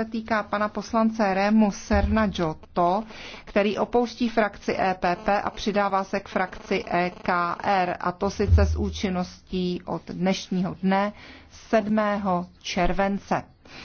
se týká pana poslance Rému Serna Giotto, který opouští frakci EPP a přidává se k frakci EKR, a to sice s účinností od dnešního dne 7. července.